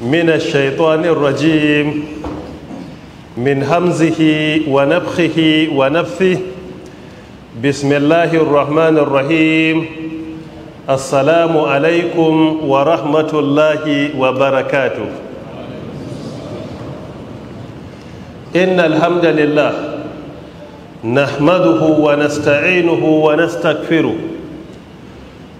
من الشيطان الرجيم من همزه ونفخه ونفثه بسم الله الرحمن الرحيم السلام عليكم ورحمة الله وبركاته إن الحمد لله نحمده ونستعينه ونستغفره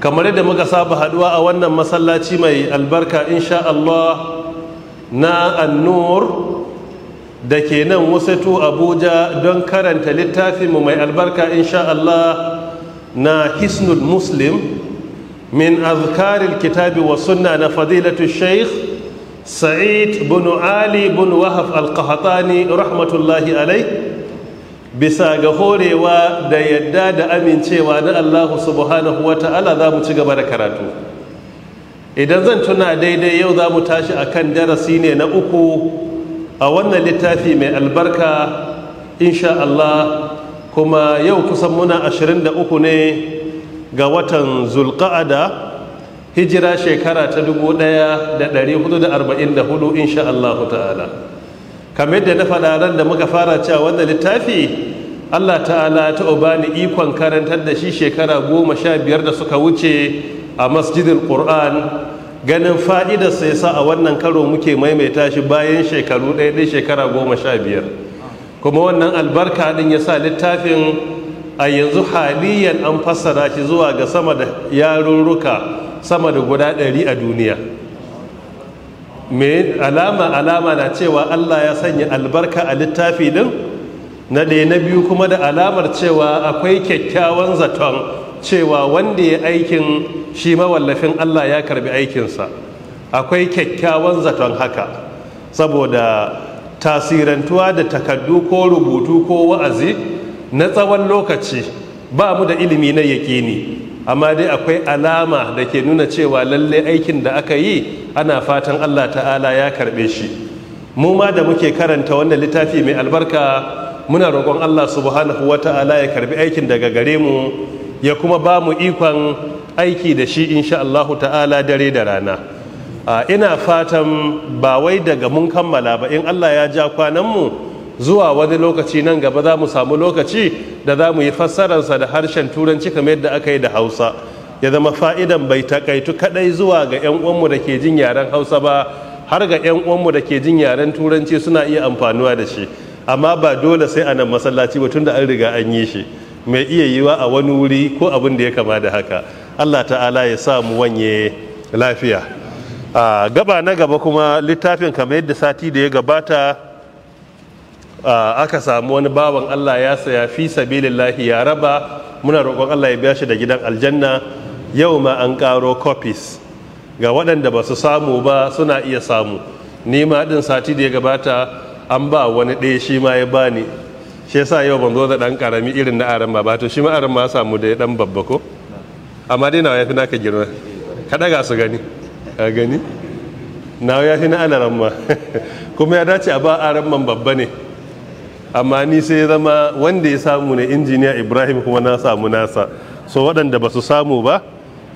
kamar yadda muka saba haduwa a wannan masallaci mai albarka insha Allah na annur da ke nan wasatu abuja don karanta littafinmu mai albarka insha Allah na hisnul muslim min azkaril kitabi wa sunna na fadilatu sheikh sa'id bin ali bin wahab al rahmatullahi alai bisa ga horewa da yadda da amincewa na allahu subhanahu wa ta'ala za mu ci gaba da karatu idan zan tuna daidai yau za mu tashi a kan darasi ne na uku a wannan littafi mai albarka insha allah kuma yau kusan muna 23 ne ga watan zulka'ada hijira shekara ta 1444 insha allahu ta'ala kamar yadda na faɗa ran da muka fara cewa wannan littafi Allah ta'ala ta ubani ikon karantar da shi shekara goma sha biyar da suka wuce a masjidin ƙur'an ganin fa'idar sai sa a wannan karo muke maimaita shi bayan shekaru ɗaya ɗaya shekara goma sha biyar kuma wannan albarka ɗin ya sa littafin a yanzu haliyan an fassara shi zuwa ga sama da yarurruka sama da guda ɗari a duniya me alama alama na cewa Allah ya sanya albarka a littafi din na da na biyu kuma da alamar cewa akwai kyakkyawan zaton cewa wanda ya aikin shi mawallafin Allah ya karbi aikinsa akwai kyakkyawan zaton haka saboda tasirantuwa da takaddu ko rubutu ko wa'azi na tsawon lokaci ba mu da ilimi na yaƙini amma dai akwai alama da ke nuna cewa lalle aikin da aka yi ana fatan Allah ta'ala ya karbe shi mu ma da muke karanta wannan littafi mai albarka muna roƙon Allah subhanahu wa ta'ala ya karɓi aikin daga gare mu ya kuma ba mu ikon aiki da shi insha Allahu ta'ala dare da rana ina fatan ba wai daga mun kammala ba in Allah ya ja kwanan mu zuwa wani lokaci nan gaba za mu samu lokaci da za mu yi fassararsa da harshen turanci kamar yadda aka yi da hausa ya zama fa'idan bai takaitu kadai zuwa ga 'yan uwanmu da ke jin yaren hausa ba har ga 'yan uwanmu da ke jin yaren turanci suna iya amfanuwa da shi amma ba dole sai a nan masallaci ba da an riga an yi shi mai iya yiwa a wani wuri ko abin da ya kama da haka allah ta'ala ya sa mu wanye lafiya a gaba na gaba kuma littafin kamar yadda sati da ya gabata aka samu wani bawan allah ya saya fi sabilillahi ya raba muna roƙon allah ya biya shi da gidan aljanna yau ma an ƙaro copies ga waɗanda ba su samu ba suna iya samu ni ma ɗin sati da ya gabata an ba wani ɗaya shi ma ya bani shi sa yau ban zo da ɗan ƙarami irin na aran ba to shi ma aran ma samu da ya ɗan babba ko amma dai nawa ya fi naka girma ka ɗaga su gani a gani nawa ya fi na anaran ma kuma ya dace a ba aran man babba ne amma ni sai zama wanda ya samu ne injiniya ibrahim kuma na samu nasa so waɗanda ba su samu ba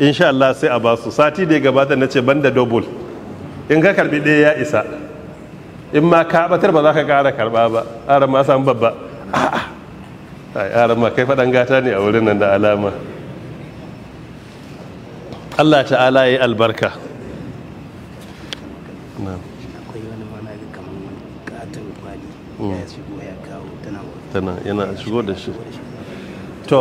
insha Allah sai a basu sati da ya gabata na ce banda double in ka karbi ɗaya ya isa in ma ka batar ba za ka ƙara karba ba ƙara ma samu babba a ƙara ma kai faɗan gata ne a wurin nan da alama Allah ta'ala ya yi albarka yana shigo da shi to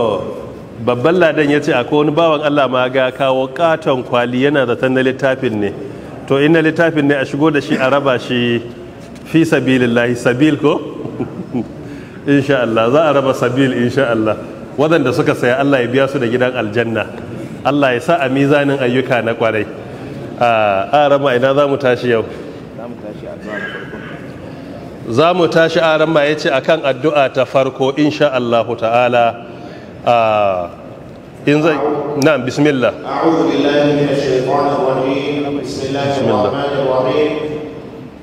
babban ladan ya ce akwai wani bawan allah ma ga kawo katon kwali yana zaton na littafin ne to ina littafin ne a shigo da shi a raba shi fi sabilillahi sabil ko insha Allah za a raba sabil insha Allah wadanda suka saya Allah ya biya su da gidan aljanna Allah ya sa a mizanin ayyuka na kwarai a arama ina za mu tashi yau za mu tashi arama ya ce akan addu'a ta farko insha Allah ta'ala in zai na bismillah a'udhu billahi minash shaitanir rajim bismillahir rahmanir rahim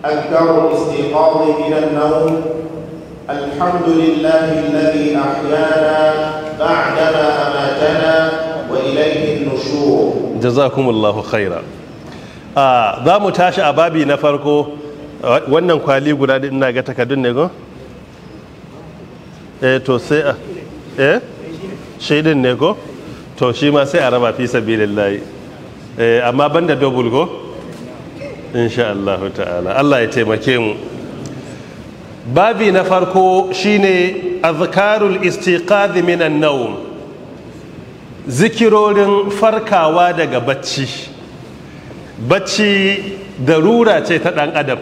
akthar istiqadi minan nawm za mu tashi a babi na farko wannan kwali guda ina ga takardun ne go eh to sai eh shaidin ne ko to shi ma sai a raba fi sabilillahi lillahi eh, amma banda dubul ko insha Allah ta'ala Allah ya taimake mu babi na farko shine azkarul istiqaz min an-nawm zikirorin farkawa daga bacci bacci darura ce ta dan adam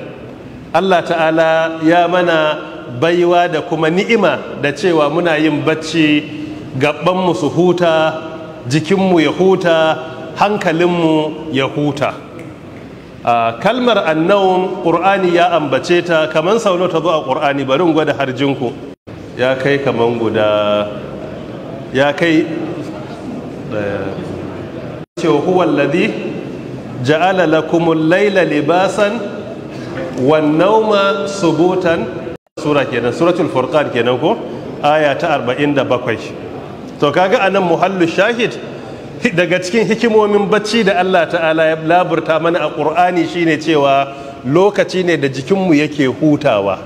Allah ta'ala ya mana baiwa da kuma ni'ima da cewa muna yin bacci mu su huta jikinmu ya huta hankalinmu ya huta kalmar annawun ƙur'ani ya ambace ta kamar sauno ta zo a ƙur'ani barin gwada harjinku ya kai kamar guda ya kai eh, ce huwa ladi ja'ala lakumul laila libasan wan nauma subutan sura kenan suratul furqan kenan ko aya ta 47 to kaga anan muhallu shahid daga cikin hikimomin bacci da Allah ta'ala ya laburta mana a ƙur'ani shine cewa lokaci ne da jikinmu yake hutawa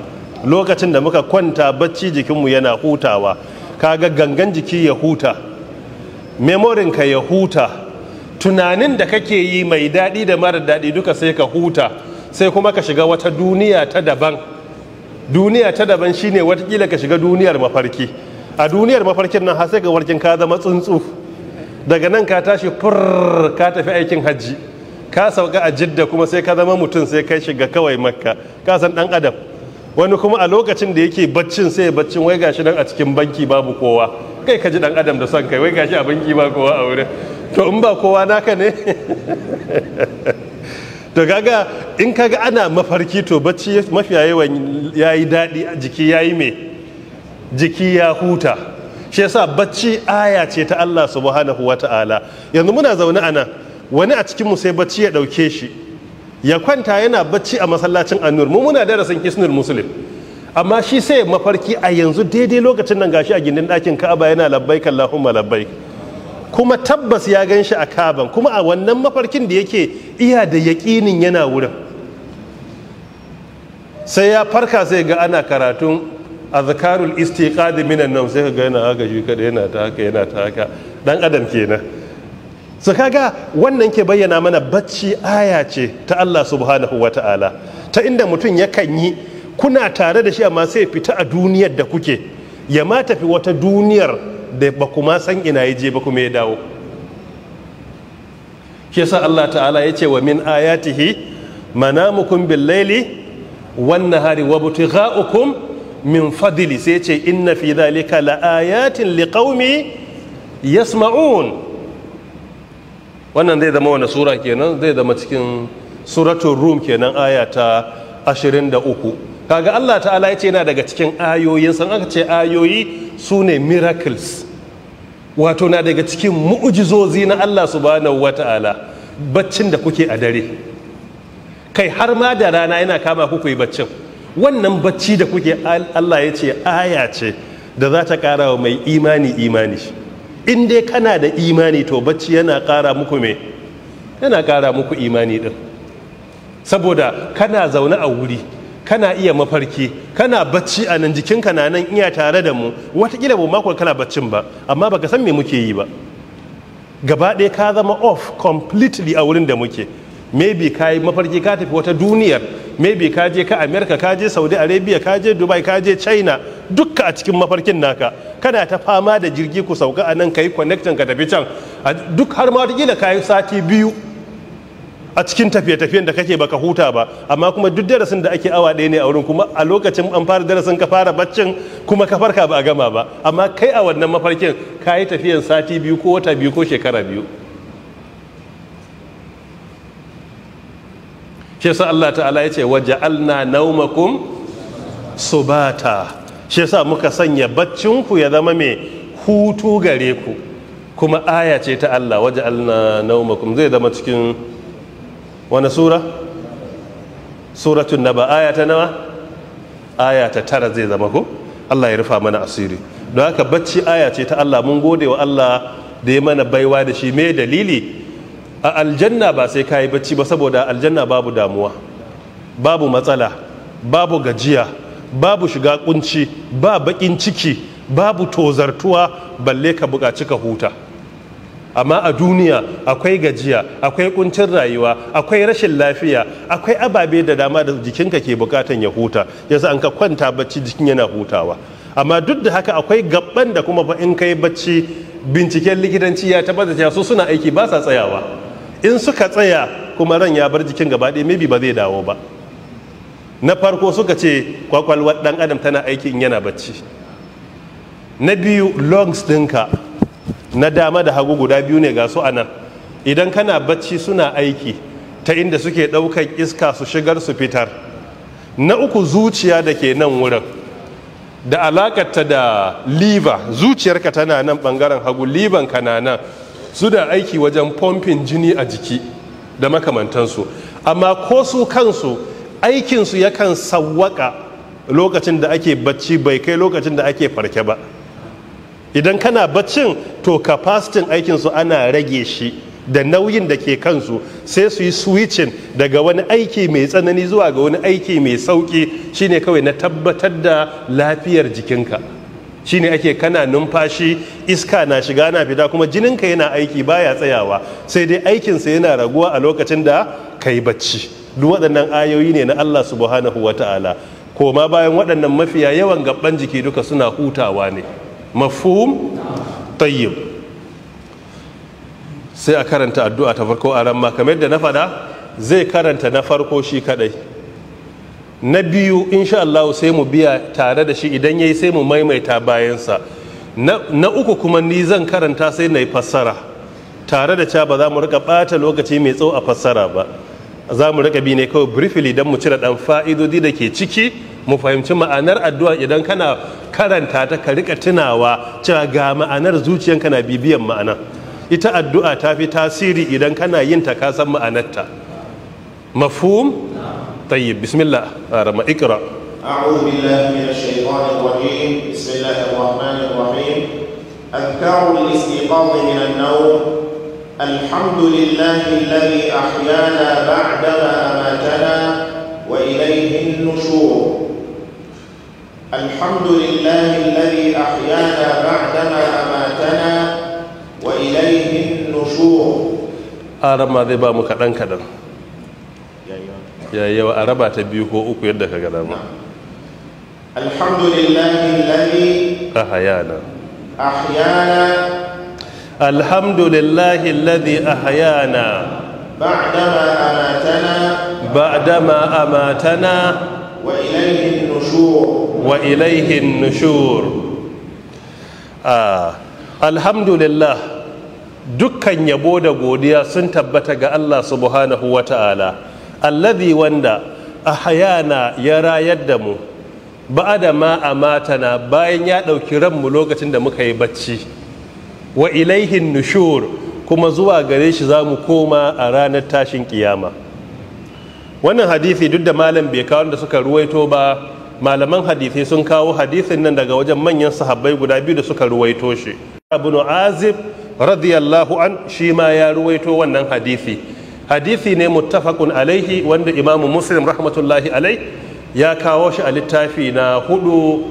lokacin da muka kwanta bacci jikinmu yana hutawa kaga gangan jiki ya huta memorin ka ya huta tunanin da kake yi mai daɗi da mara daɗi duka sai ka huta sai kuma ka shiga wata duniya ta daban duniya ta daban shine watakila ka shiga duniyar mafarki a duniyar mafarkin nan sai ga warkin ka zama tsuntsu daga nan ka tashi fur ka tafi aikin hajji ka sauka a jidda kuma sai ka zama mutum sai kai shiga kawai makka ka san dan adam wani kuma a lokacin da yake baccin sai ya baccin wai gashi nan a cikin banki babu kowa kai ka ji dan adam da son kai wai gashi a banki ba kowa a wurin to in ba kowa naka ne to kaga in kaga ana mafarki to bacci mafiya yawan yayi daɗi jiki yayi mai jiki ya huta shi yasa bacci aya ce ta Allah subhanahu wa ta'ala yanzu muna zaune a nan wani a cikinmu sai bacci ya ɗauke shi ya kwanta yana bacci a masallacin annur mu muna darasin hisnul muslim amma shi sai mafarki a yanzu daidai lokacin nan gashi a gindin ɗakin ka'aba yana labbaik allahumma labbaik kuma tabbas ya gan shi a kaban kuma a wannan mafarkin da yake iya da yaƙinin yana wurin sai ya farka sai ga ana karatun azkarul istiqadi minan nawm sai ga yana haka shi kada yana ta haka yana ta haka dan adam kenan so kaga wannan ke bayyana mana bacci aya ce ta Allah subhanahu ta'ala, ta inda mutum yakan yi kuna tare da shi amma sai fita a duniyar da kuke ya ma tafi wata duniyar da ba kuma san ina ya je ba kuma ya dawo shi yasa Allah ta'ala ya ce wa min ayatihi manamukum bil laili wan nahari wa butiga'ukum min fadili sai ce inna fi dhalika laayatin liqaumi yasma'un wannan zai zama wani sura kenan zai zama cikin suratun rum kenan aya ta 23 kaga Allah ta'ala ya ce yana daga cikin ayoyin san aka ce ayoyi sune ne miracles wato na daga cikin mu'ujizozi na Allah subhanahu wata'ala baccin da kuke a dare kai har ma da rana yana kama ku yi baccin wannan bacci da kuke Allah ya ce aya ce da za ta ƙara wa mai imani imani in dai kana da imani to bacci yana kara muku me yana kara muku imani din saboda kana zaune a wuri kana iya mafarki kana bacci a nan jikinka na nan iya tare da mu watakila ba makon kana baccin ba amma baka san me muke yi ba gaba ɗaya ka zama off completely a wurin da muke maybe ka yi mafarki ka tafi wata duniyar maybe ka je ka america ka je saudi arabia ka je dubai ka je china dukka a cikin mafarkin naka kana ta fama da jirgi ku sauka a nan ka yi connection ka tafi can duk har ma watakila ka yi sati biyu a cikin tafiye-tafiyen da kake baka huta ba amma kuma duk darasin da ake awa ɗaya ne a wurin kuma a lokacin an fara darasin ka fara baccin kuma ka farka ba a gama ba amma kai a wannan mafarkin ka yi tafiyan sati biyu ko wata biyu ko shekara biyu shi yasa Allah ta'ala ya ce waja'alna naumakum subata shi yasa muka sanya baccinku ya zama mai hutu gare ku kuma aya ce ta Allah waja'alna naumakum zai zama cikin wani sura suratun naba aya ta nawa aya ta tara zai zama ku? Allah ya rufa mana asiri don haka bacci aya ce ta Allah mun gode wa Allah da ya mana baiwa da shi me dalili a aljanna ba sai ka yi bacci ba saboda aljanna babu damuwa babu matsala babu gajiya babu shiga kunci ba bakin ciki babu tozartuwa balle ka buƙaci ka huta amma a duniya akwai gajiya akwai kuncin rayuwa akwai rashin lafiya akwai ababe da dama da jikinka ke bukatan ya huta yasa an ka kwanta bacci jikin yana hutawa amma duk da haka akwai gaban da kuma ba in kai bacci binciken likitanci ya tabbata cewa su suna aiki ba sa tsayawa in suka tsaya kuma ran ya bar jikin gaba ɗaya maybe ba zai dawo ba na farko suka ce kwakwalwar ɗan adam tana aikin yana bacci na biyu lungs ɗinka na dama da hagu guda biyu ne ga su a idan kana bacci suna aiki ta inda suke ɗaukar iska su shigar su fitar na uku zuciya da ke nan wurin da alakarta da liver zuciyarka tana nan ɓangaren hagu Liver ka na nan Su da aiki wajen pompin jini a jiki da makamantansu amma ko su kansu aikinsu yakan sawwaka lokacin da ake bacci bai kai lokacin da ake farke ba idan kana baccin to capacity aikinsu ana rage shi da nauyin da ke kansu sai su yi switching daga wani aiki mai tsanani zuwa ga wani aiki mai sauki shine kawai na tabbatar da lafiyar jikinka Shi ne ake kana numfashi iska na shiga na fita kuma jininka yana aiki baya tsayawa sai dai aikinsa yana raguwa a lokacin da ka yi bacci duk waɗannan ayoyi ne na Allah subhanahu wa ta'ala koma bayan waɗannan mafiya yawan gaban jiki duka suna hutawa ne mafuhum tayyib sai a karanta addu'a ta farko a ran ma kamar yadda na faɗa zai karanta na farko shi kaɗai. na biyu insha Allah sai mu biya tare da shi idan yayi sai mu maimaita bayansa na uku kuma ni zan karanta sai na yi fassara tare da ca ba za mu rika bata lokaci mai tsawo a fassara ba za mu rika bi ne kawai briefly don mu cire ɗan fa'idodi da ke ciki mu fahimci ma'anar addu'a idan kana karanta ta ka rika tunawa cewa ga ma'anar zuciyanka na bibiyan ma'ana ita addu'a ta fi tasiri idan kana yin ta ka san ma'anarta mafhum طيب بسم الله آه، رما اقرا اعوذ بالله من الشيطان الرجيم بسم الله الرحمن الرحيم اذكار الاستيقاظ من النوم الحمد لله الذي احيانا بعدما اماتنا واليه النشور الحمد لله الذي احيانا بعدما اماتنا واليه النشور ارمى آه، ذي مكدن كدن كدن ya yawa a raba ta biyu ko uku yadda ka gada dama alhamdulillahi alladhi a hayana alhamdulillahi a ahyana ba'dama amatana ba'dama wa ilayhi nushur wa ilayhi ah, alhamdulillah dukkan yabo da godiya sun tabbata ga Allah subhanahu wa ta'ala alladhi wanda a na ya rayar da mu ba'ada ma matana bayan ya ɗauki ranmu lokacin da muka yi bacci wa ilaihin nushur kuma zuwa gare shi za mu koma a ranar tashin kiyama wannan hadisi duk da malam bai kawo da suka ruwaito ba malaman hadisi sun kawo hadisin nan daga wajen manyan sahabbai guda biyu da suka ruwaito shi abu azib radiyallahu an shi ma ya ruwaito wannan hadisi hadisi ne muttafaqun alaihi wanda imamu muslim rahmatullahi alai ya kawo shi a littafi na hudu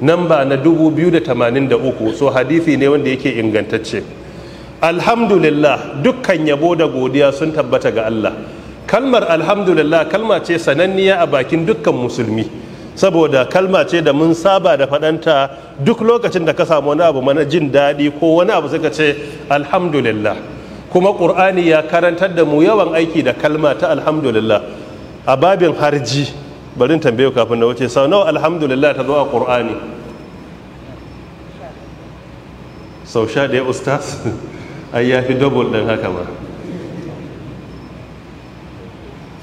namba na dubu da tamanin uku. so hadisi ne wanda yake ingantacce alhamdulillah dukkan yabo da godiya sun tabbata ga Allah kalmar alhamdulillah kalma ce sananniya a bakin dukkan musulmi saboda kalma ce da mun saba da faɗanta duk lokacin da ka samu wani abu mana jin daɗi ko wani abu suka ce alhamdulillah kuma ƙur'ani ya karantar da mu yawan aiki da kalma ta alhamdulillah a babin harji barin tambayo kafin na wuce sau nawa alhamdulillah ta zo a ƙur'ani sau sha ɗaya ustaz ai ya fi dubul ɗin haka ma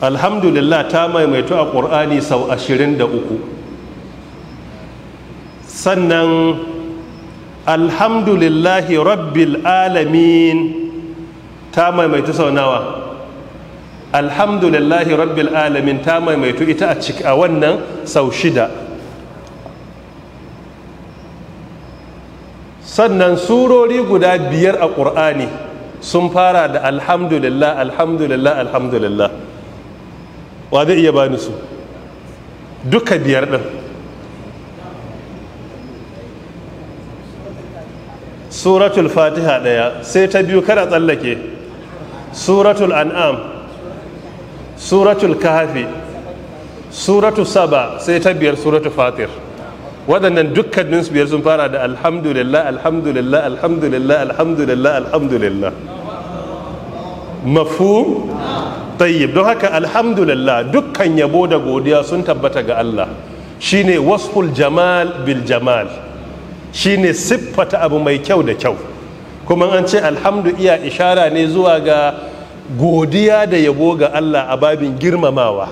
alhamdulillah ta maimaito a ƙur'ani sau ashirin da uku sannan alhamdulillahi rabbil alamin ta maimaitu sau nawa alhamdulillahi rabbil alamin ta maimaitu ita a cika a wannan sau shida sannan surori guda biyar a ƙur'ani sun fara da alhamdulillah alhamdulillah alhamdulillah wa zai iya bani su duka biyar ɗin suratul fatiha ɗaya sai ta biyu kada tsallake suratul an'am suratul kahfi suratul saba sai ta biyar suratul fatir waɗannan dukkanin biyar sun fara da alhamdulillah alhamdulillah alhamdulillah alhamdulillah alhamdulillah mafhum tayyib don haka alhamdulillah dukkan yabo da godiya sun tabbata ga Allah shine wasful jamal bil jamal shine siffata abu mai kyau da kyau kuma an ce alhamdu iya ishara ne zuwa ga godiya da yabo ga Allah a babin girmamawa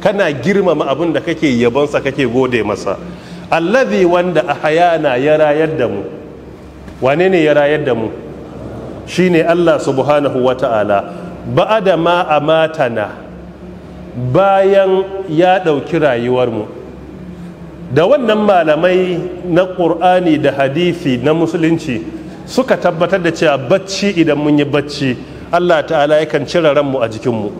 kana girmama abin da kake yabonsa kake gode masa allazi wanda a hayana ya rayar da mu wane ne ya rayar da mu shine Allah subhanahu wa ta'ala adama mata na bayan ya ɗauki rayuwarmu da wannan malamai na ƙur'ani da hadisi na musulunci suka tabbatar da cewa bacci idan mun yi bacci Allah ta'ala yakan cire ranmu a jikinmu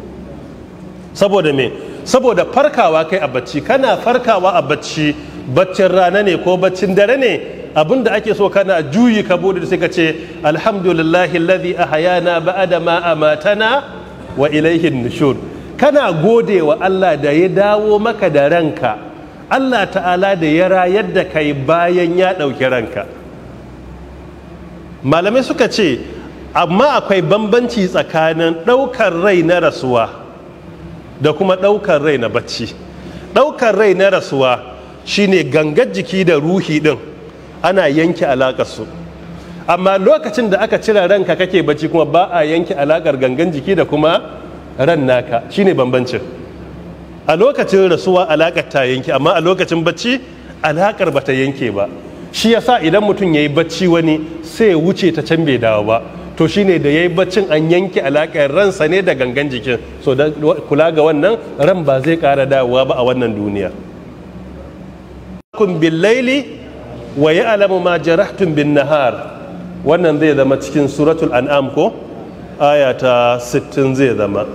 saboda me saboda farkawa kai a bacci kana farkawa a bacci baccin rana ne ko baccin dare ne abinda da ake so kana juyi ka bude sai ka ce alhamdulillahi alladhi ahayana ba'da ma amatana wa ilayhi nushur kana gode wa Allah da ya dawo maka da ranka Allah ta'ala da ya rayar da kai bayan ya ɗauki ranka malamai suka ce amma akwai bambanci tsakanin ɗaukar rai na rasuwa da kuma ɗaukar rai na bacci ɗaukar rai na rasuwa shine gangar jiki da ruhi ɗin ana yanke su. amma lokacin da aka cira ranka kake bacci kuma ba a yanke alaƙar gangan jiki da kuma ran naka shine bambancin a lokacin rasuwa alaƙar ta yanke amma a lokacin bacci alaƙar bata yanke ba shi ya sa idan mutum ya yi bacci wani sai ya wuce ta can bai dawo ba to shi ne da ya yi baccin an yanke alaƙar ransa ne da gangan jikin so da kula ga wannan ran ba zai ƙara dawowa ba a wannan duniya billaili wa ya'lamu ma jarahtum bin nahar wannan zai zama cikin suratul an'am ko aya ta 60 zai zama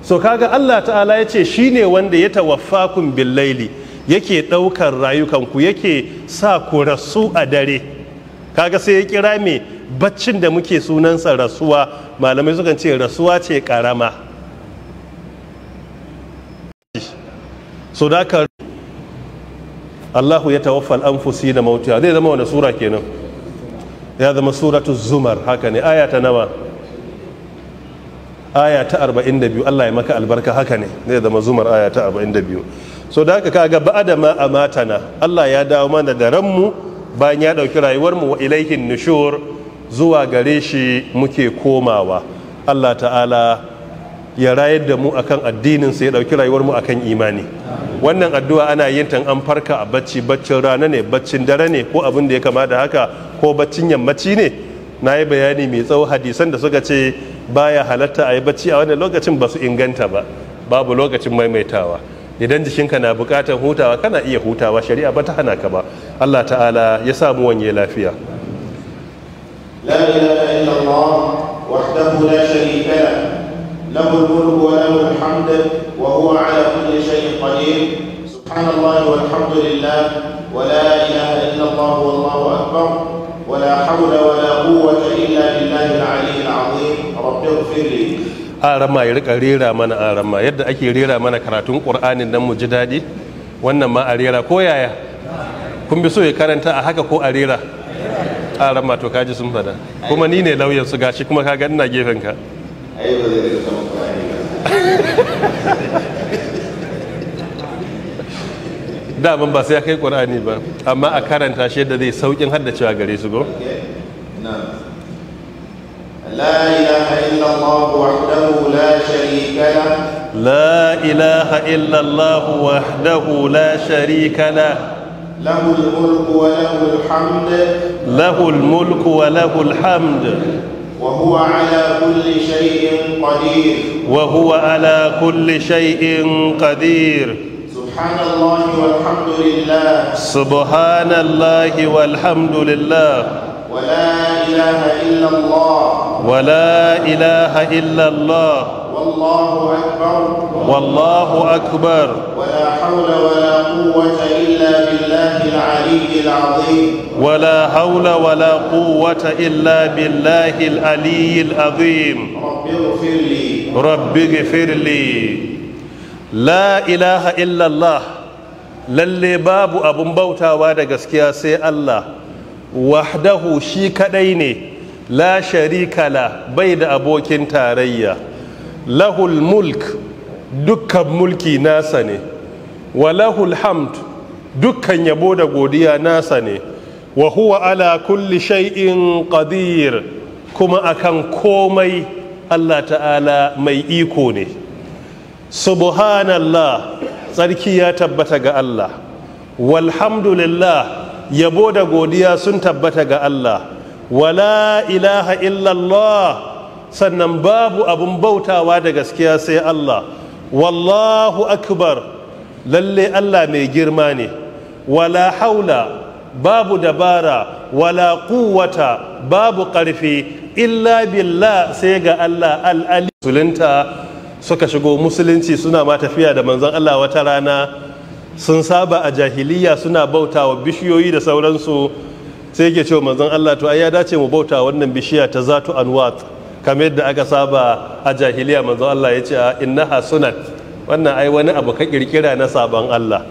so kaga Allah ta'ala ya ce shi ne wanda ya tawaffakum bin laili yake ɗaukar rayukanku yake sa ku rasu a dare kaga sai ya kira me baccin da muke sunansa rasuwa malamai sukan ce rasuwa ce karama Allahu ya tawaffal anfusi da mautiya zai zama wani sura kenan ya zama suratu zumar haka ne aya ta nawa aya ta 42 Allah ya maka albarka haka ne zai zama zumar aya ta 42 so da haka kaga ba'ada ma matana Allah ya dawo mana da ranmu bayan ya dauki rayuwar mu wa ilaihin nushur zuwa gare shi muke komawa Allah ta'ala ya rayar da mu akan addinin sai ya dauki rayuwar mu akan imani wannan addu'a ana yin tan an farka a bacci baccin rana ne baccin dare ne ko abin da ya kama da haka ko baccin yammaci ne na yi bayani mai tsawo hadisan da suka ce baya halatta a yi bacci a wannan lokacin ba su inganta ba babu lokacin maimaitawa idan jikinka na bukatar hutawa kana iya hutawa shari'a ba ta hana ka ba Allah ta'ala ya sa mu wanye lafiya la ilaha illallah wahdahu la sharika la lahu al-mulku wa lahu al-hamd wa huwa ala kulli shay'in qadir subhanallahi walhamdulillah wa la ilaha illallah wallahu akbar wa la hawla wa la quwwata illa billahi al-ali al-azim rabbighfir li arama ya rika rera mana arama yadda ake rera mana karatun ƙur'anin nan mu ji daɗi wannan ma a rera ko yaya kun bi so ya karanta a haka ko a rera arama to kaji sun fada kuma ni ne lauyan su gashi kuma ka ganna gefen ka daman ba sai ya kai qur'ani ba amma a karanta shi yadda zai saukin haddacewa gare su go لا إله إلا الله وحده لا شريك له لا إله إلا الله وحده لا شريك له له الملك وله الحمد له الملك وله الحمد وهو على كل شيء قدير وهو على كل شيء قدير سبحان الله والحمد لله سبحان الله والحمد لله ولا إله إلا الله والله أكبر والله أكبر ولا حول ولا قوة إلا بالله العلي العظيم ولا حول ولا قوة إلا بالله العلي العظيم رب اغفر لي رب اغفر لي لا إله إلا الله للي باب أبو مبوتا وادا gaskiya الله wahdahu shi kadai ne la sharika la bai da abokin tarayya lahul mulk dukkan mulki nasa ne wa lahul hamd dukkan yabo da godiya nasa ne wa huwa ala kulli shay'in qadir kuma akan komai Allah ta'ala mai iko ne subhanallah tsarki ya tabbata ga Allah walhamdulillah yabo da godiya sun tabbata ga Allah wala ilaha illallah sannan babu abun bautawa da gaskiya sai Allah wallahu akbar lalle Allah mai girma ne wala haula babu dabara wala kuwata babu ƙarfi illa billah sai ga Allah al'ali musulunta suka shigo musulunci suna ma tafiya da manzon Allah wata rana sun saba a jahiliya suna bauta wa bishiyoyi da sauransu sai ke cewa manzon Allah to ya dace mu bauta wannan bishiya ta zatu anwat kamar yadda aka saba a jahiliya manzon Allah ya ce a innaha sunat wannan ai wani abu ka kirkira na saban Allah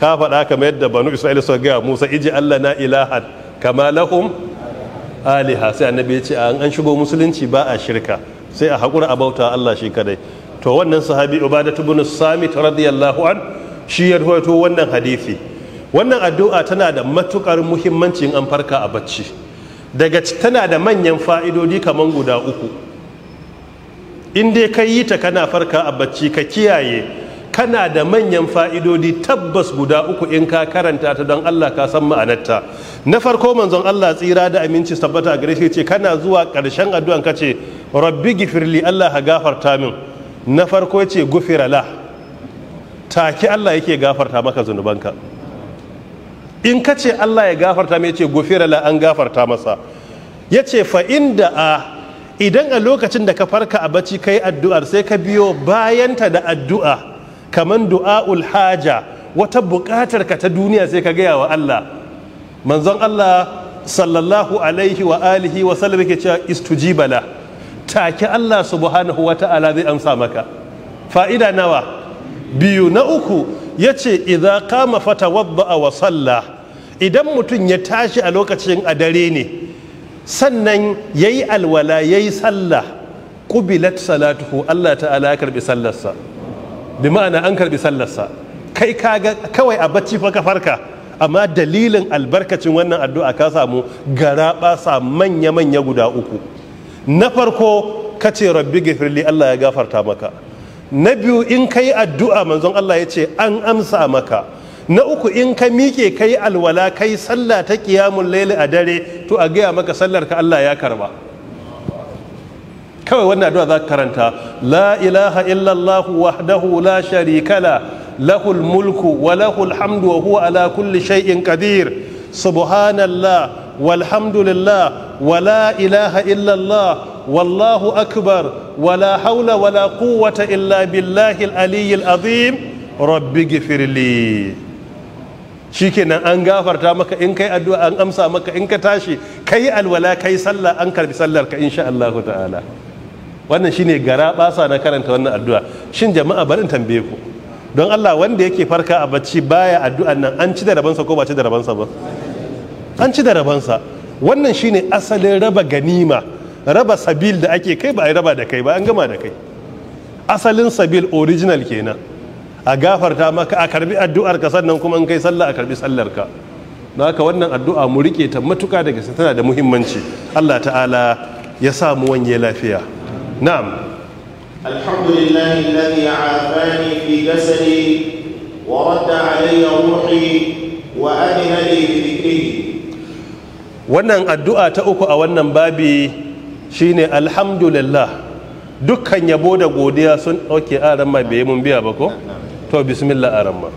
ka faɗa kamar yadda banu Isra'ila suka ga Musa iji Allah na ilahan kama lahum aliha sai annabi ya ce an shigo musulunci ba a shirka sai a haƙura a bauta Allah shi kadai to wannan sahabi ubadatu bin samit radiyallahu an shi ya rawaito wannan hadisi wannan addu'a tana da matukar muhimmancin an farka a bacci daga tana da manyan fa'idodi kamar guda uku in dai ka yi ta kana farka a bacci ka kiyaye kana da manyan fa'idodi tabbas guda uku in ka karanta ta don Allah ka san ma'anarta na farko manzon Allah tsira da aminci tabbata a gare shi ce kana zuwa ƙarshen addu'an ka ce rabbi gifirli Allah ha gafarta min na farko ce gufira gufirala take Allah yake gafarta maka zunubanka in ka ce Allah ya gafarta mai ce gufira la an gafarta masa ya ce fa inda a idan a lokacin da ka farka a bacci yi addu'ar sai ka biyo bayanta da addu'a kamar du'a'ul haja wata buƙatar ka ta duniya sai ka gaya wa Allah manzon Allah sallallahu alaihi wa alihi wa sallam yake cewa istujibala take Allah subhanahu wa ta'ala zai amsa maka fa'ida nawa biyu na uku ya ce idza kama fata wadda wa sallah idan mutum ya tashi a lokacin a dare ne sannan ya yi alwala ya yi sallah ƙubilat salatuhu Allah ta'ala ya karɓi sallarsa bi ma'ana an karɓi sallarsa kai kaga kawai a bacci fa farka amma dalilin albarkacin wannan addu'a ka samu gara sa manya-manya guda uku na farko ka ce rabbi gafirli Allah ya gafarta maka na biyu in kai addu'a manzon Allah ya ce an amsa maka na uku in ka miƙe kai alwala kai sallah ta ƙiyamun laili a dare to a gaya maka sallar ka Allah ya karba kawai wannan addu'a za ka karanta la ilaha illallah wahdahu la sharikala lahul mulku wa lahul hamdu wa huwa ala kulli shay'in qadir subhanallah walhamdulillah wa la ilaha illallah wallahu akbar wala haula wala quwwata illa billahi al-aliyyil azim rabbi gifirli shikenan an gafarta maka in kai addu'a an amsa maka in ka tashi kai alwala kai sallah an karbi sallar ka insha Allah ta'ala wannan shine gara basa na karanta wannan addu'a shin jama'a barin tambaye ku don Allah wanda yake farka a bacci baya addu'an nan an ci da rabansa ko ba ci da rabansa ba an ci da rabansa wannan shine asalin raba ganima raba sabil da ake kai ba a raba da kai ba an gama da kai asalin sabil original kenan a gafarta maka a karbi addu'ar ka sannan kuma an kai sallah a karbi sallar ka don haka wannan addu'a mu rike ta matuka daga tana da muhimmanci Allah ta'ala ya sa mu wanye lafiya na'am alhamdulillahi alladhi afani fi jasadi wa radda alayya ruhi wa adina li wannan addu'a ta uku a wannan babi shine alhamdulillah dukkan yabo da godiya sun ɗauke aran ma bai mun biya ba ko to bismillah aran ma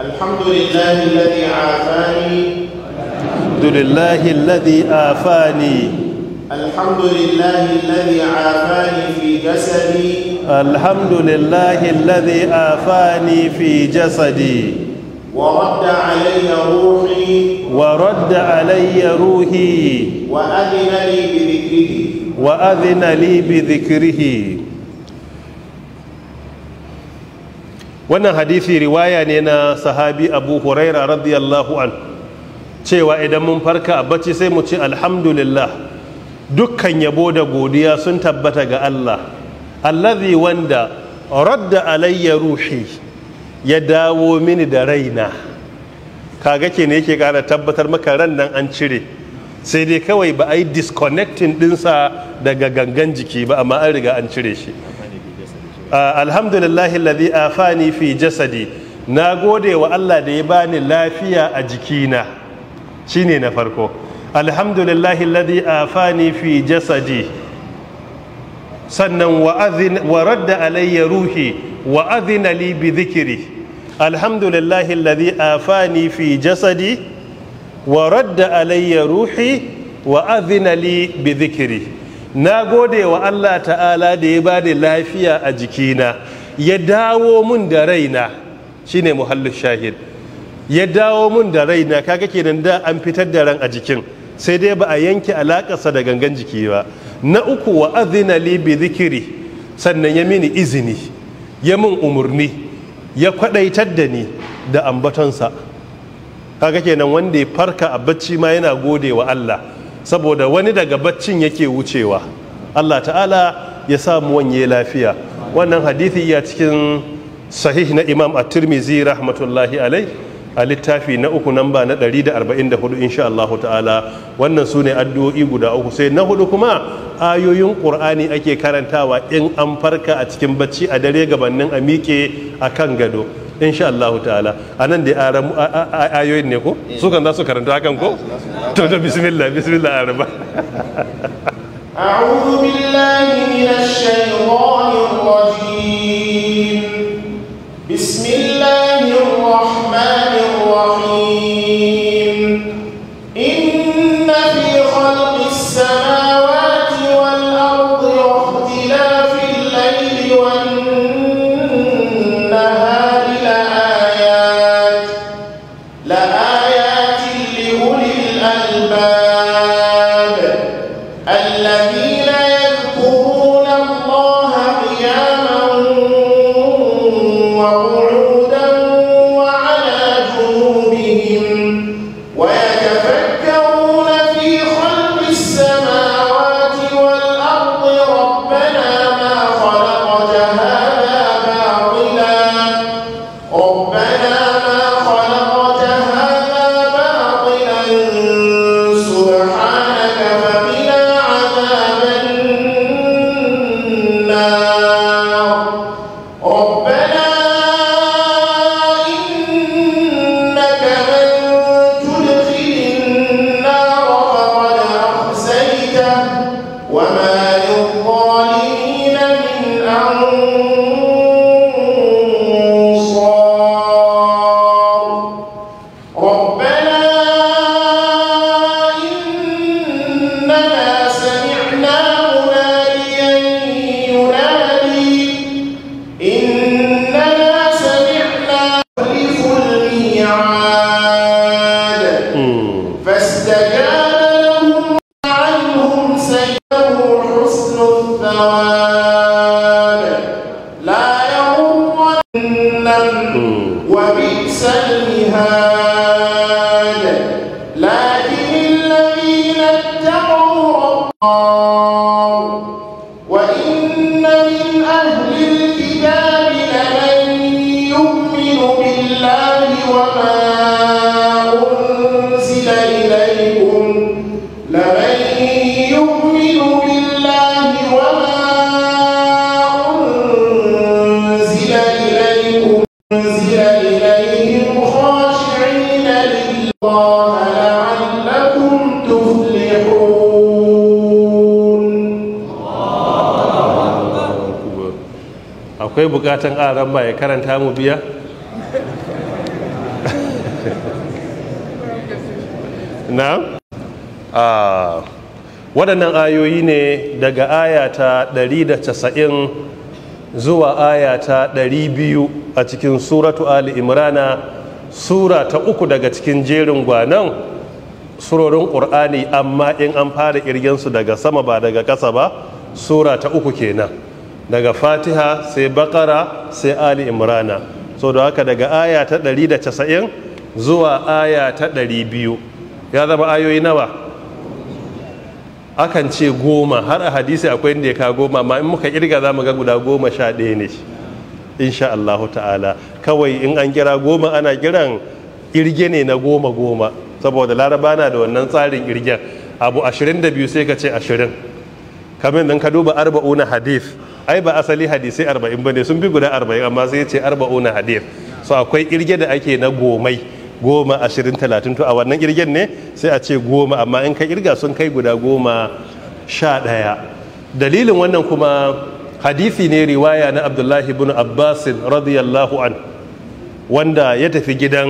alladhi afani alhamdulillahi alladhi afani alhamdulillahi alladhi afani fi jasadi alhamdulillahi alladhi afani fi ورد علي روحي ورد علي روحي وأذن لي بذكره wa adina li bi wannan hadisi riwaya ne na sahabi abu huraira radiyallahu an cewa idan mun farka a bacci sai mu ce alhamdulillah dukkan yabo da godiya sun tabbata ga Allah allazi wanda radda alayya ruhi ya dawo mini da raina kaga ke ne yake kara tabbatar maka ran nan an cire sai dai kawai ba a yi disconnecting dinsa daga gangan jiki ba amma an riga an cire shi alhamdulillahi ladhi afani fi jasadi na gode wa Allah da ya bani lafiya a jikina shine na farko alhamdulillahi ladhi afani fi jasadi sannan wa radda alayya ruhi wa adhina li bi dhikri alhamdulillahi ladhi afani fi jasadi wa radda alayya ruhi wa azina li na gode wa Allah ta'ala da ya bani lafiya a jikina ya dawo mun da raina shine muhallin shahid ya dawo mun da raina kaga kenan da an fitar da ran a jikin sai dai ba a yanke alakarsa da gangan jiki ba na uku wa azina li sannan ya mini izini ya min umarni, ya kwadaitar da ni da ambatansa. kaga kenan wanda ya farka a bacci ma yana gode wa Allah saboda wani daga baccin yake wucewa Allah ta'ala ya samu wanye lafiya wannan hadithi ya cikin sahih na imam at turmizi rahmatullahi alai a littafi na uku namba na 144 insha Allah ta'ala wannan su ne addu'o'i guda uku sai na hudu kuma ayoyin qur'ani ake karantawa in an farka a cikin bacci a dare gabanin a miƙe a kan gado insha Allah ta'ala a nan da ayoyin ne ko su kan za su karanta hakan ko to da bismillah bismillah araba أعوذ بالله من الشيطان الرجيم بسم الله الرحمن الرحيم bukatan aran ba ya karanta mu biya na ah, waɗannan ayoyi ne daga ayata 190 zuwa ayata 200 a cikin suratu ali imrana sura ta uku daga cikin jerin gwanan surorin ƙur'ani amma in an fara irgensu daga sama ba daga ƙasa ba sura ta uku kenan daga fatiha sai bakara sai ali imrana so da haka daga aya ta 190 zuwa aya ta 200 ya zama ayoyi nawa akan ce goma har a hadisi akwai inda ya ka goma ma in muka kirga za mu ga guda goma sha ɗaya ne insha Allahu ta'ala kawai in an kira goma ana kiran irge ne na goma goma saboda laraba na da wannan tsarin irgen abu 22 sai ka ce 20 kamar nan ka duba arba'una hadith ai ba asali hadisi arba'in ba ne sun bi guda arba'in amma sai ce arba'una hadis so akwai kirge da ake na gomai goma ashirin talatin to a wannan kirgen ne sai a ce goma amma in ka kirga sun kai guda goma sha ɗaya dalilin wannan kuma hadisi ne riwaya na abdullahi ibn Abbas radiyallahu an wanda ya tafi gidan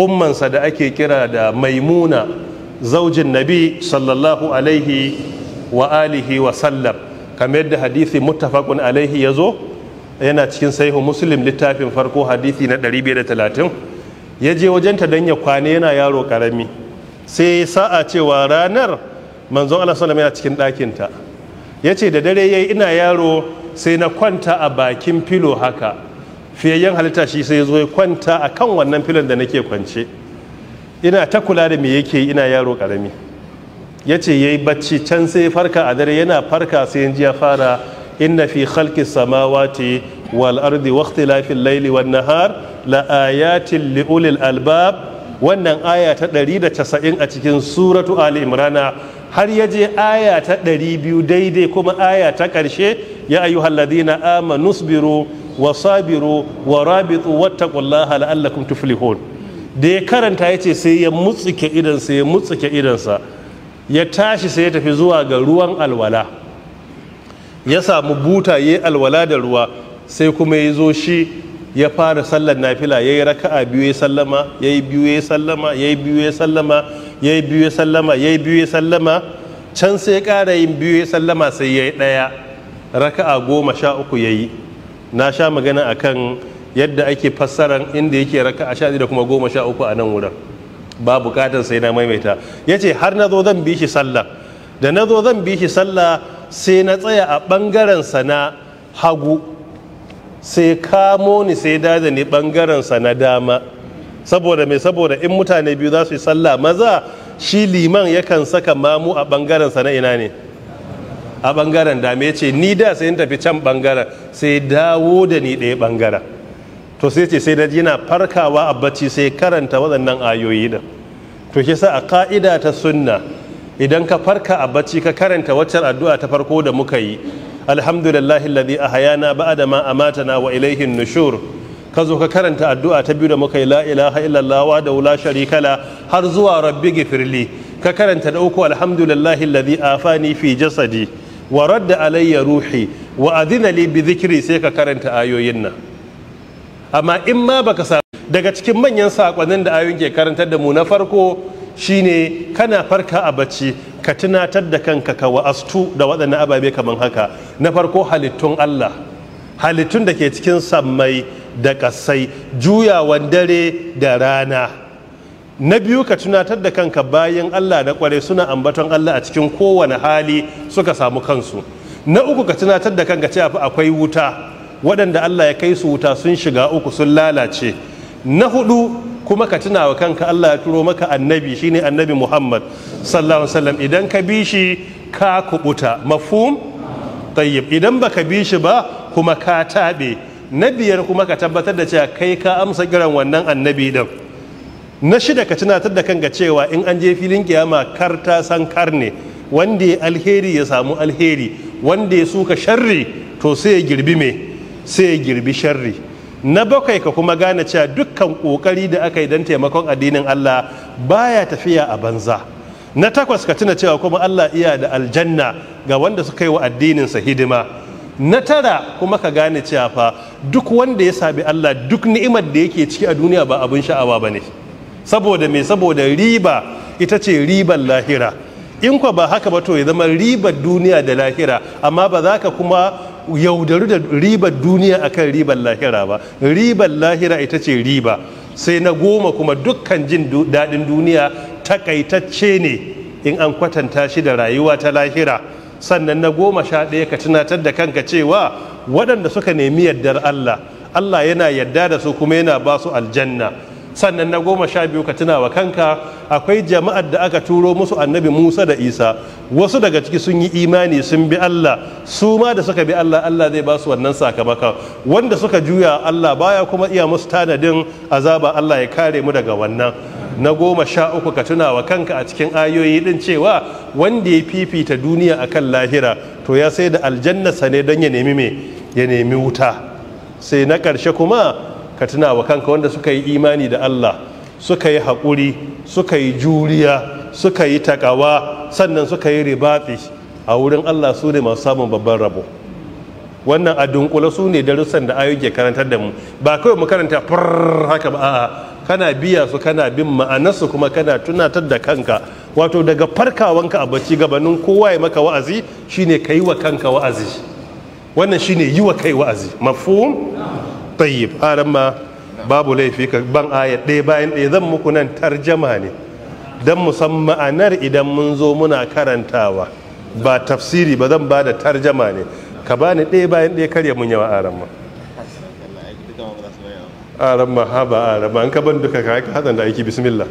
ummansa da ake kira da maimuna zaujin nabi sallallahu alaihi wa alihi wa sallam kamar yadda hadithi muttafaqun alaihi ya zo yana cikin sahihu muslim littafin farko hadithi na 530 ya je wajenta don ya kwane yana yaro karami sai sa'a cewa ranar manzon Allah sallallahu yana cikin ɗakinta ya ce da dare yayi ina yaro sai na kwanta a bakin filo haka fiyayyen halitta shi sai zo ya kwanta a kan wannan filon da nake kwance ina ta kula da me yake ina yaro karami ya ce ya yi bacci can sai farka a dare yana farka sai ji ya fara inna fi khalqi samawati wal ardi wa ikhtilafil layli wan nahar la ayatin li ulil albab wannan aya ta 190 a cikin suratu ali imrana har ya je aya ta 200 daidai kuma aya ta karshe ya ayu ladina amanu sabiru wa sabiru wa rabitu wattaqullaha la'allakum tuflihun da ya karanta ya ce sai ya mutsuke sai ya mutsuke sa. ya tashi sai ya tafi zuwa ga ruwan alwala ya samu buta ya alwala da ruwa sai kuma ya zo shi ya fara sallar nafila ya yi raka'a biyu ya sallama ya yi biyu ya sallama ya yi biyu ya sallama ya yi biyu ya sallama ya yi biyu ya sallama can sai ya ƙara yin biyu ya sallama sai ya yi ɗaya raka'a goma sha uku ya yi na sha magana akan yadda ake fassaran inda yake raka'a sha da kuma goma sha uku a nan wurin ba bukatar sai na maimaita ya ce har na zo zan bi shi sallah da na zo zan bi shi sallah sai na tsaya a sa na hagu sai kamo ni sai dada ni sa na dama saboda mai saboda in mutane biyu za su yi sallah maza shi liman yakan saka mamu a ɓangarensa na ina ne a ɓangaren dama ya ce ni da sai in tafi can ɓangaren sai dawo da ni ɗaya ɓangaren to sai ce sai da yana farkawa a bacci sai karanta waɗannan ayoyi din to shi sa a ka'ida ta sunna idan ka farka a bacci ka karanta waccan addu'a ta farko da muka yi alhamdulillahi alladhi ahayana ba'da ma amatana wa ilayhi nushur ka zo ka karanta addu'a ta biyu da muka yi la ilaha illallah wa da la sharika la har zuwa rabbi gifirli ka karanta da uku alhamdulillahi alladhi afani fi jasadi wa radda alayya ruhi wa adina li bi dhikri sai ka karanta ayoyin nan amma in ma baka samu daga cikin manyan sakonnin da ayoyin ke karantar da mu na farko shine kana farka a bacci ka tunatar da kanka ka wa'astu da waɗannan ababe kamar haka na farko halittun Allah halittun da ke cikin sammai da ƙasai juyawan dare da rana na biyu ka tunatar da kanka bayan Allah na kware suna ambaton Allah a cikin kowane hali suka samu kansu na uku ka tunatar da kanka cewa akwai wuta waɗanda Allah ya kai su wuta sun shiga uku sun lalace na hudu kuma ka tuna wa kanka Allah ya turo maka annabi shine annabi Muhammad sallallahu alaihi wasallam idan ka bi shi ka kubuta mafhum tayyib idan baka bi shi ba kuma ka tabe na biyar kuma ka tabbatar da cewa kai ka amsa kiran wannan annabi din na shida ka tunatar da kanka cewa in an je filin kiyama karta san karne wanda ya alheri ya samu alheri wanda ya suka sharri to sai ya girbi mai. sai ya girbi sharri na bakwai ka kuma gane cewa dukkan kokari da aka yi don taimakon addinin Allah baya tafiya a banza na takwas ka tuna cewa kuma Allah iya da aljanna ga wanda suka yi wa addininsa hidima na tara kuma ka gane cewa fa duk wanda ya sabi Allah duk ni'imar da yake ciki a duniya ba abin sha'awa ba ne saboda me saboda riba ita ce ribar lahira in kwa ba haka ba to ya zama ribar duniya da lahira amma ba za ka kuma yaudaru da ribar duniya akan ribar lahira ba ribar lahira ita ce riba sai na goma kuma dukkan jin daɗin duniya takaitacce ne in an kwatanta shi da rayuwa ta lahira sannan na goma sha ɗaya ka tunatar da kanka cewa waɗanda suka nemi yaddar Allah Allah yana yadda da su kuma yana ba su aljanna sannan na goma sha biyu ka tuna wa kanka akwai jama'ar da aka turo musu annabi musa da isa wasu daga ciki sun yi imani sun bi allah su ma da suka bi allah allah zai ba su wannan sakamakon wanda suka juya allah baya kuma iya musu tanadin azaba allah ya kare mu daga wannan na goma sha uku ka tuna wa kanka a cikin ayoyi din cewa wanda ya fifita duniya akan lahira to ya sai da aljannasa ne don ya nemi ya nemi wuta sai na ƙarshe kuma ka tuna wa kanka wanda suka yi imani da Allah suka yi haƙuri suka yi juriya suka yi takawa sannan suka yi ribatsi a wurin Allah su ne masu samun babban rabo wannan a dunkula su ne darussan da ayo ke karantar da mu ba kawai mu karanta fur haka ba a'a kana biya su kana bin ma'anarsu kuma kana tunatar da kanka wato daga farkawanka a bacci gabanin kowa ya maka wa'azi shine kai wa kanka wa'azi wannan shine yi wa kai wa'azi mafhum tayyib aran ma babu laifi ka ban ayat ɗaya bayan ɗaya zan muku nan tarjama ne don musamman ma'anar idan mun zo muna karantawa ba tafsiri ba zan ba da tarjama ne ka bani ɗaya bayan ɗaya karya mun yawa aran ma aran ma ha ba aran ma an ka ban duka ka hadan da aiki bismillah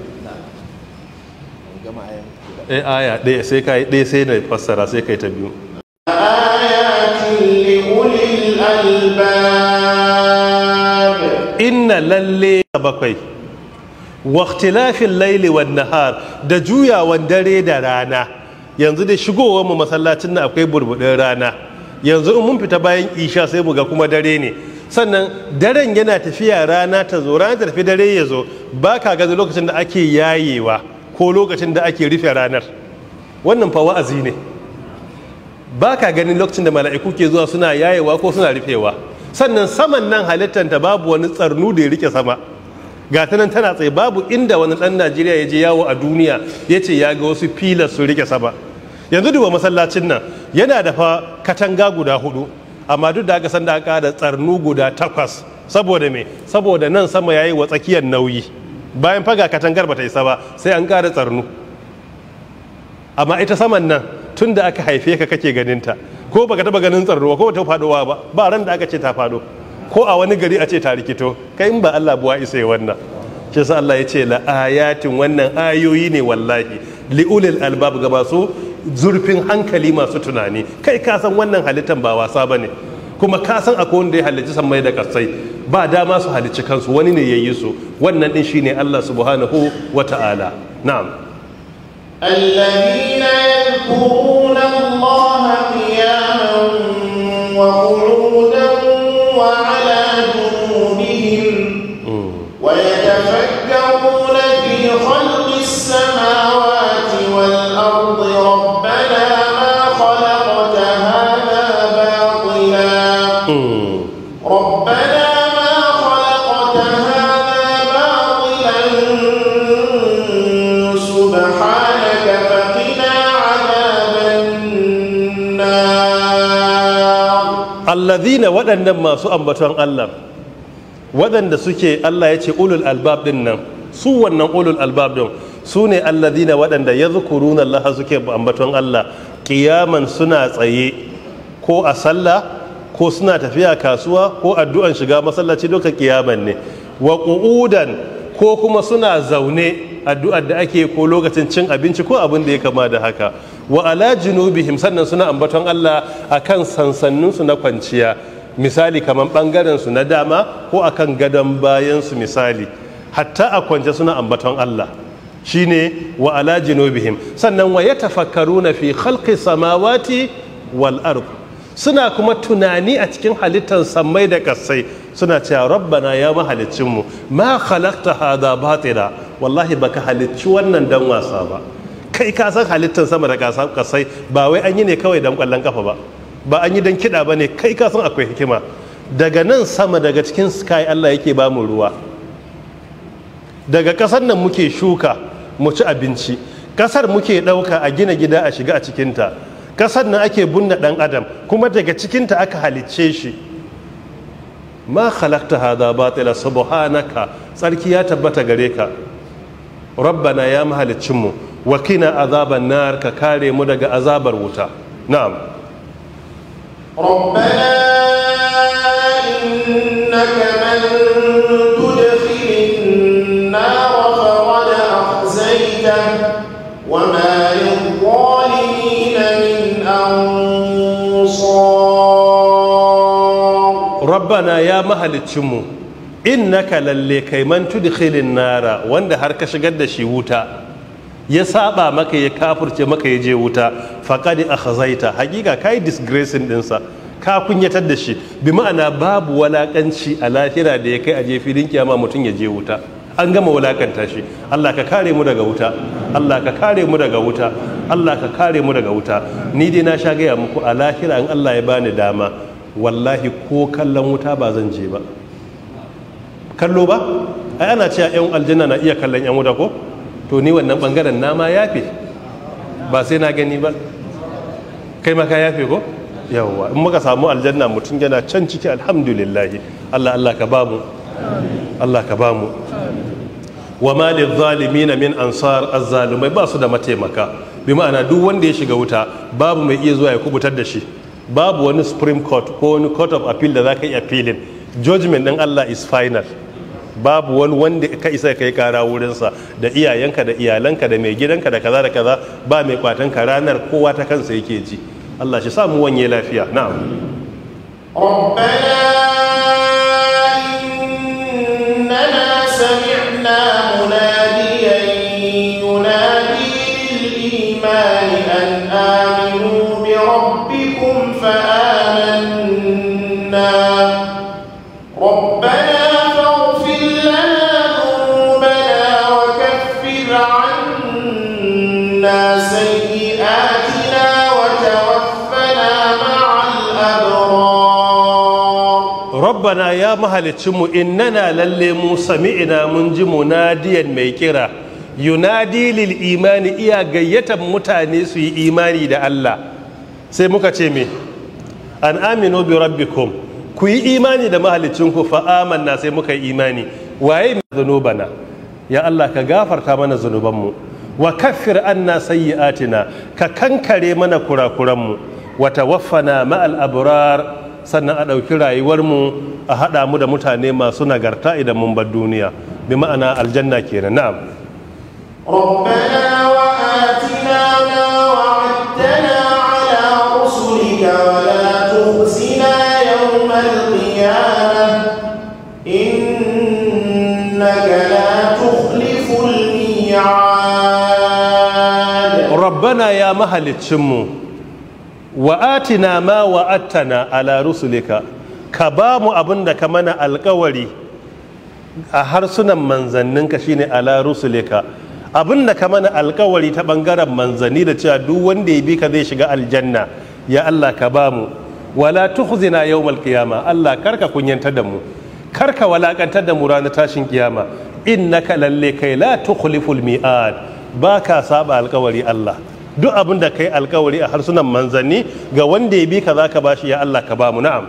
ai eh, aya ɗaya sai ka yi ɗaya sai na fassara sai kai ta biyu ayatin li ulil albab inna lalle bakwai waktilafin laili wa nahar da juyawan dare da rana yanzu da shigowar mu masallacin na akwai burbuɗin rana yanzu in mun fita bayan isha sai mu ga kuma dare ne sannan daren yana tafiya rana ta zo rana ta tafi dare ya zo ba ka gaza lokacin da ake yayewa ko lokacin da ake rufe ranar wannan fa wa'azi ne ba ka ganin lokacin da mala'iku ke zuwa suna yayewa ko suna rufewa sannan saman nan halittar ta babu wani tsarnu da ya rike sama ga ta nan tana tsaye babu inda wani dan Najeriya ya je yawo a duniya ya ce ya ga wasu filar su rike sama yanzu duba masallacin nan yana da fa katanga guda hudu amma duk da aka san da aka da tsarnu guda takwas saboda me saboda nan sama yayi wa tsakiyar nauyi bayan faga katangar bata isa ba sai an kara tsarnu amma ita saman nan tunda aka haife ka kake ganin ta ko baka taba ganin tsarruwa ko ta faduwa ba ba ran da aka ce ta fado ko a wani gari a ce ta rikito kai in ba Allah buwa isa yi wannan shi yasa Allah ya ce la ayatin wannan ayoyi ne wallahi liulil albab ga masu zurfin hankali masu tunani kai ka san wannan halittan ba wasa ba ne? kuma ka san akwai wanda ya halicci mai da kasai ba dama su halicci kansu wani ne ya yi su wannan din shine Allah subhanahu wata'ala na'am الذين يذكرون الله قياما وقعودا وعلى allazina waɗannan masu ambaton Allah waɗanda suke Allah ya ce ulul albab din nan su wannan ulul albab din su ne allazina waɗanda ya zukuruna Allah suke ambaton Allah kiyaman suna tsaye ko a sallah ko suna tafiya kasuwa ko addu'an shiga masallaci duka kiyaman ne wa qu'udan ko kuma suna zaune addu'ar da ake ko lokacin cin abinci ko abin da ya kama da haka wa ala junubihim sannan suna ambaton Allah akan sansannin su na kwanciya misali kaman bangaren su na dama ko akan gadon bayan su misali hatta a kwance suna ambaton Allah shine wa ala junubihim sannan wa yatafakkaruna fi khalqi samawati wal ardh suna kuma tunani a cikin halittar sammai da kasai suna cewa rabbana ya mahalicinmu ma khalaqta hadha batila wallahi baka halicci wannan dan wasa ba kai ka san halittar sama da kasai ba wai an yi ne kawai don kwallon kafa ba ba an yi don kiɗa ba ne kai ka san akwai hikima daga nan sama daga cikin sky allah yake ba mu ruwa daga ƙasar nan muke shuka mu ci abinci ƙasar muke ɗauka a gina gida a shiga a cikinta ƙasar nan ake bunna ɗan adam kuma daga cikinta aka halicce shi ma halakta hada batila subhanaka tsarki ya tabbata gare ka rabbana ya mu. وكنا عذاب النار ككاري مدق عذاب الوتا نعم ربنا إنك من ربنا يا مهل تشمو إنك للي كيمن تدخل النار وانده هركش قد شيوتا ya saba maka ya kafurce maka ya je wuta a akhzaita hakika yi disgracing ɗinsa ka kunyatar da shi bi ma'ana babu walaƙanci a lahira da ya kai a jefi filin kiyama mutum ya je wuta an gama walaƙanta shi Allah ka kare mu daga wuta Allah ka kare mu daga wuta Allah ka kare mu daga wuta ni dai na sha gaya muku a lahira in Allah ya bani dama wallahi ko kallon wuta ba zan je ba kallo ba ai ana cewa yan aljanna na iya kallon yan wuta ko to ni wannan bangaren na ma yafe ba sai na gani ba kai ma yafe ko yawwa in muka samu aljanna mutum yana can ciki alhamdulillah Allah Allah ka ba mu Allah ka ba mu wa ma zalimin min ansar azzalumai ba su da mataimaka bi ma'ana duk wanda ya shiga wuta babu mai iya zuwa ya kubutar da shi babu wani supreme court ko wani court of appeal da zaka ka yi appealing judgment din Allah is final babu wani wanda ka isa kai kara wurinsa da iyayenka da iyalanka da mai gidanka da kaza da kaza ba mai kwatan ka ranar kowa ta kansa yake ji Allah shi samu wanye lafiya na'am ربنا إننا سمعنا rabbana ya mahalicinmu innana lalle mu sami'ina mun ji munadiyan mai kira yunadi lil imani iya gayyatar mutane su yi imani da Allah sai muka ce me an aminu bi rabbikum ku yi imani da mahalicinku fa amanna sai muka yi imani waye zunubana ya Allah ka gafarta mana zunubanmu wa kaffir sayi atina ka kankare mana kurakuranmu wa tawaffana ma'al abrar Sannan a ɗauki rayuwarmu a haɗa mu da mutane masu nagarta idan mun bar duniya. Mai ma'ana aljanna ke rana'a. Ƙoƙarawa ati na gawa ya mahaliccin wa'atina ma wa'attana ala rusulika ka ba mu abin da ka mana alkawari a harsunan manzanninka shine ala rusulika abin da ka mana alkawari ta bangaren manzanni da cewa duk wanda ya bi ka zai shiga aljanna ya Allah ka ba mu wala tuhzina yawmal qiyama Allah karka kunyanta da mu karka walakantar da mu ranar tashin kiyama innaka lalle kai la tukhliful mi'ad baka saba alkawari Allah duk abin da kai alkawari a harsunan manzanni ga wanda ya bi ka zaka bashi ya Allah ka ba mu na'am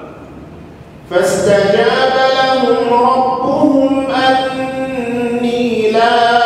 fastajaba lahum rabbuhum anni la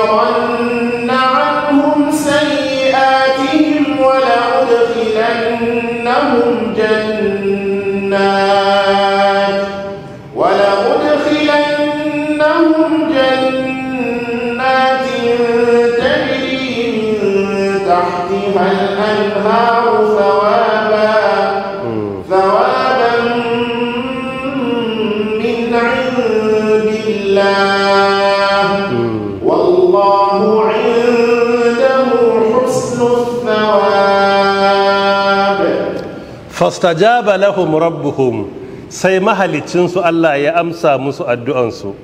لنكفرن عنهم سيئاتهم ولأدخلنهم جنات ولأدخلنهم جنات تجري من تحتها الأنهار fastajaba lahum rabbuhum sai mahalicinsu Allah ya amsa musu addu'ansu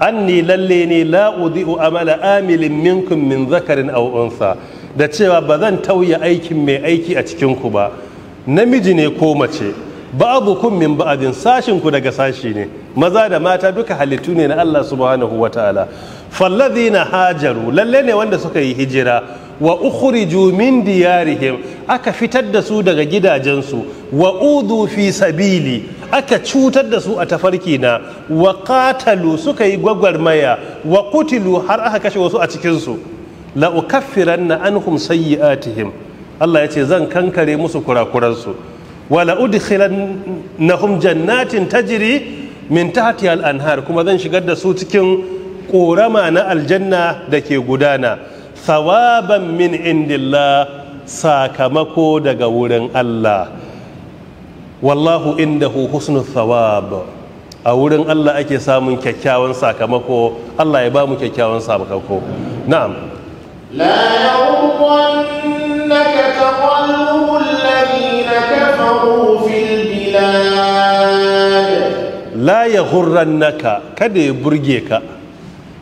anni lalle ne la'udi'u amala amilin minkum min zakarin au'unsa. da cewa ba zan tauye aikin mai aiki a cikinku ba namiji ne ko mace kun min ba'adin sashinku sashinku daga sashi ne maza da mata duka halittu ne na Allah subhanahu fallazi na hajaru lalle ne wanda suka yi hijira wa ukhriju min diyarihim aka fitar da su daga gidajensu wa udu fi sabili aka cutar da su a tafarki na wa qatalu suka yi gwagwarmaya wa kutilu har aka kashe wasu a cikinsu su la ukaffiranna anhum sayyi'atihim Allah ya ce zan kankare musu kurakuransu wa la udkhilannahum jannatin tajri min tahtiha al-anhar kuma zan shigar da su cikin ƙorama na aljanna da ke gudana thawaban min indillah sakamako daga wurin Allah wallahu indahu husnu thawab a wurin Allah ake samun kyakkyawan sakamako Allah ya ba mu kyakkyawan sakamako na'am la yawmannaka taqallubu alladhina kafaru fil bilad la yaghurrannaka kada ya burge ka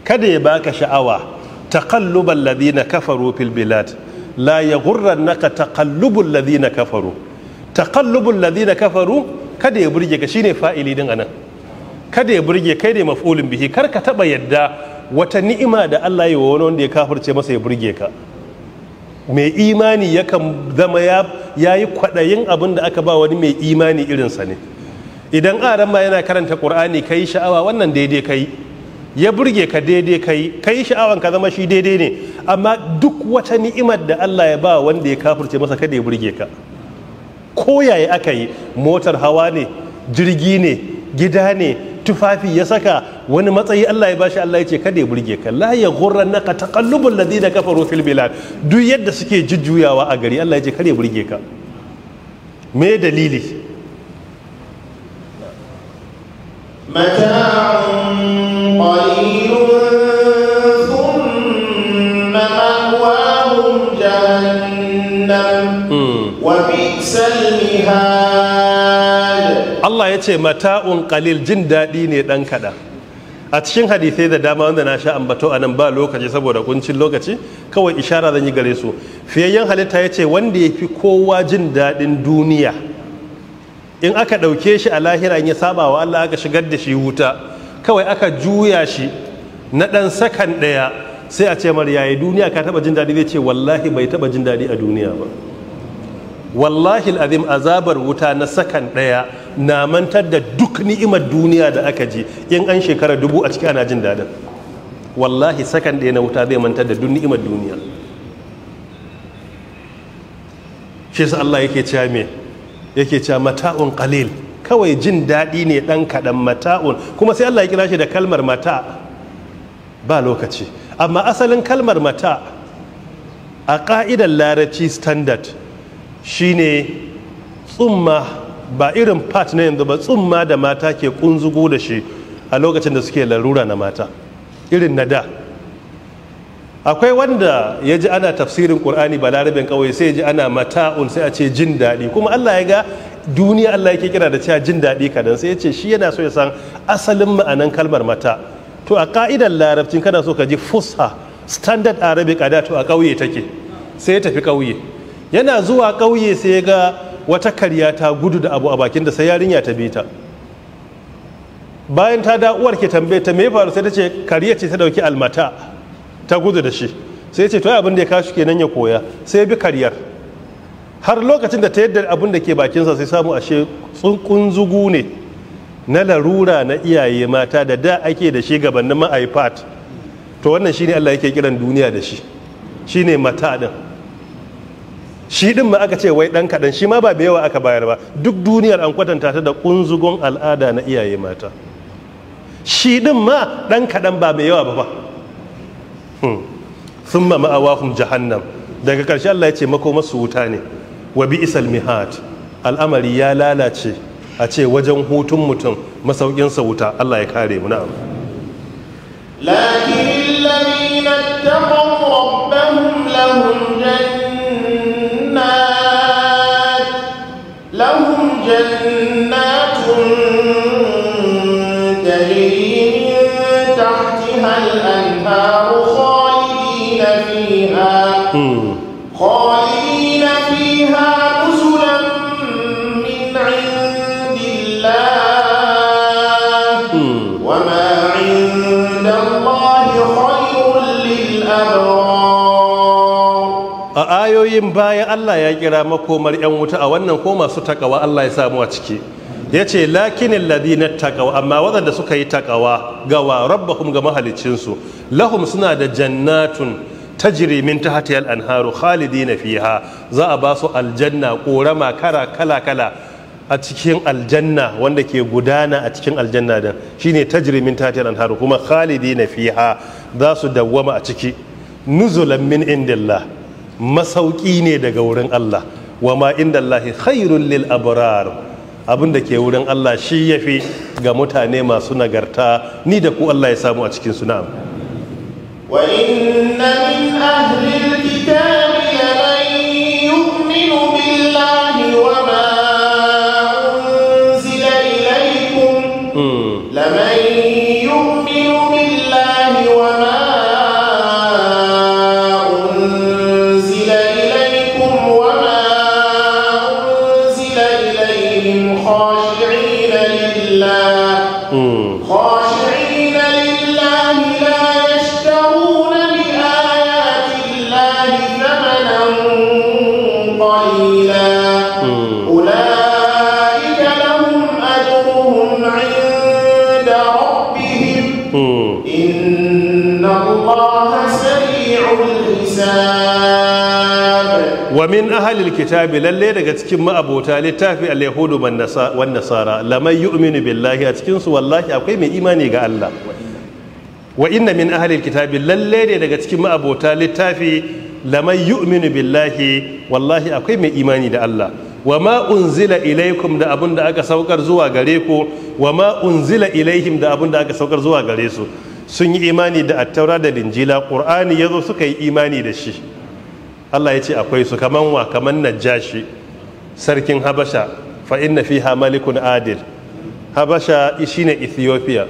kada ya baka sha'awa taqallubal ladina kafaru fil bilad la yaghurrannaka taqallubul ladina kafaru taqallubul ladina kafaru kada ya burge ka shine fa'ili din anan kada ya burge kai ne maf'ulin bihi kar ka taba yadda wata ni'ima da Allah ya wa wani wanda ya kafirce masa ya burge ka mai imani yakan zama ya yi kwaɗayin abin da aka ba wani mai imani irinsa ne idan aran ma yana karanta ƙur'ani kai sha'awa wannan daidai kai ya burge ka daidai kai kai sha'awar ka zama shi daidai ne amma duk wata ni'imar da Allah ya ba wanda ya kafirce masa kada ya burge ka ko yaya aka yi motar hawa ne jirgi ne gida ne tufafi ya saka wani matsayi Allah ya bashi Allah ya ce kada ya burge ka la ya ghurran naka taqallubul ladina kafaru fil bilad duk yadda suke jujjuyawa a gari Allah ya ce kada ya burge ka me dalili mata'un Allah ya ce mata'un qalil jin daɗi ne ɗan kaɗan a cikin hadisai da dama wanda na sha ambato a nan ba lokaci saboda kuncin lokaci kawai ishara zan yi gare su fiyayyen halitta ya ce wanda ya fi kowa jin daɗin duniya in aka ɗauke shi a lahira ya saba wa Allah aka shigar da shi wuta kawai aka juya shi na ɗan sakan ɗaya sai a ce mar yayi duniya ka taɓa jin daɗi zai ce wallahi bai taɓa jin daɗi a duniya ba wallahi azim azabar wuta na sakan ɗaya na mantar da duk ni'imar duniya da aka ji in an shekara dubu a ciki ana jin daɗin wallahi sakan ɗaya na wuta zai mantar da duk ni'imar duniya shi sa Allah yake cewa me yake cewa mata'un qalil kawai jin daɗi ne ɗan kaɗan mata'un kuma sai Allah ya kira shi da kalmar mata ba lokaci amma asalin kalmar mata a ƙa'idar larabci standard shine tsumma ba irin part na yanzu ba tsumma da mata ke kunzugo da shi a lokacin da suke larura na mata irin na da akwai wanda ya ji ana tafsirin ƙur'ani ba larabin kawai sai ya ji ana mata'un sai a ce jin daɗi kuma allah ya ga duniya Allah yake kira da cewa jin daɗi kadan sai ya ce shi yana so ya san asalin ma'anan kalmar mata to a ka'idar larabcin kana so ka ji fus'a standard arabic a da to a ƙauye take sai ya tafi ƙauye yana zuwa ƙauye sai ya ga wata karya ta gudu da abu a bakin da sai yarinya ta bi ta bayan ta da uwar ke tambaye ta me faru sai ta ce kariya ce ta dauki almata ta gudu da shi sai ce to abin da ya kashi kenan ya koya sai ya bi karyar. har lokacin da ta yadda abin da ke bakinsa sai samu ashe tsunkun zugu ne na larura na iyaye mata da da ake da shi gabanin ma to wannan shine Allah yake kiran duniya da shi shine mata din shi din ma aka ce wai dan kadan shi ma ba da yawa aka bayar ba duk duniyar an kwatanta ta da kunzugon al'ada na iyaye mata shi din ma dan kadan ba mai yawa ba ba hmm. thumma ma'awahum jahannam daga ƙarshe Allah ya ce su wuta ne wa bi isal mihad al'amari ya lalace a ce wajen hutun mutum masaukinsa wuta Allah ya kare mu na'am lakin alladhina ittaqaw rabbahum lahum jannat lahum jannatun tajri min tahtiha al-anharu ayoyin bayan Allah ya kira makomar 'yan wuta a wannan ko masu takawa Allah ya samu a ciki ya ce lakinin ladinar takawa amma waɗanda suka yi takawa gawa rabbahum ga mahalicinsu lahum suna da jannatun tajri min anharu khalidina fiha za a ba su aljanna korama kara kala kala a cikin aljanna wanda ke gudana a cikin aljanna din shine jirimin ta tahtihal anharu kuma khalidina fiha za su dawwama a ciki nuzulan min indillah masauki ne daga wurin Allah wa ma inda Allahi khairun lil abrar abinda ke wurin Allah shi yafi ga mutane masu nagarta ni da ku Allah ya samu a cikin suna wa inna min ahli wa min ahalil kitabi lalle daga cikin ma'abota littafi al-yahudu wan nasara lamai yi yu'minu billahi a cikinsu wallahi akwai mai imani ga Allah wa inna min ahalil kitabi lalle ne daga cikin ma'abota littafi lamai yi yu'minu billahi wallahi akwai mai imani da Allah wa ma unzila ilaikum da abun da aka saukar zuwa gare ku wa ma unzila ilaihim da abun da aka saukar zuwa gare su sun yi imani da attaura da linjila qur'ani yazo suka yi imani da shi Allah ya ce akwai su kaman wa kaman najashi sarkin habasha fa inna fiha malikun adil habasha shine ethiopia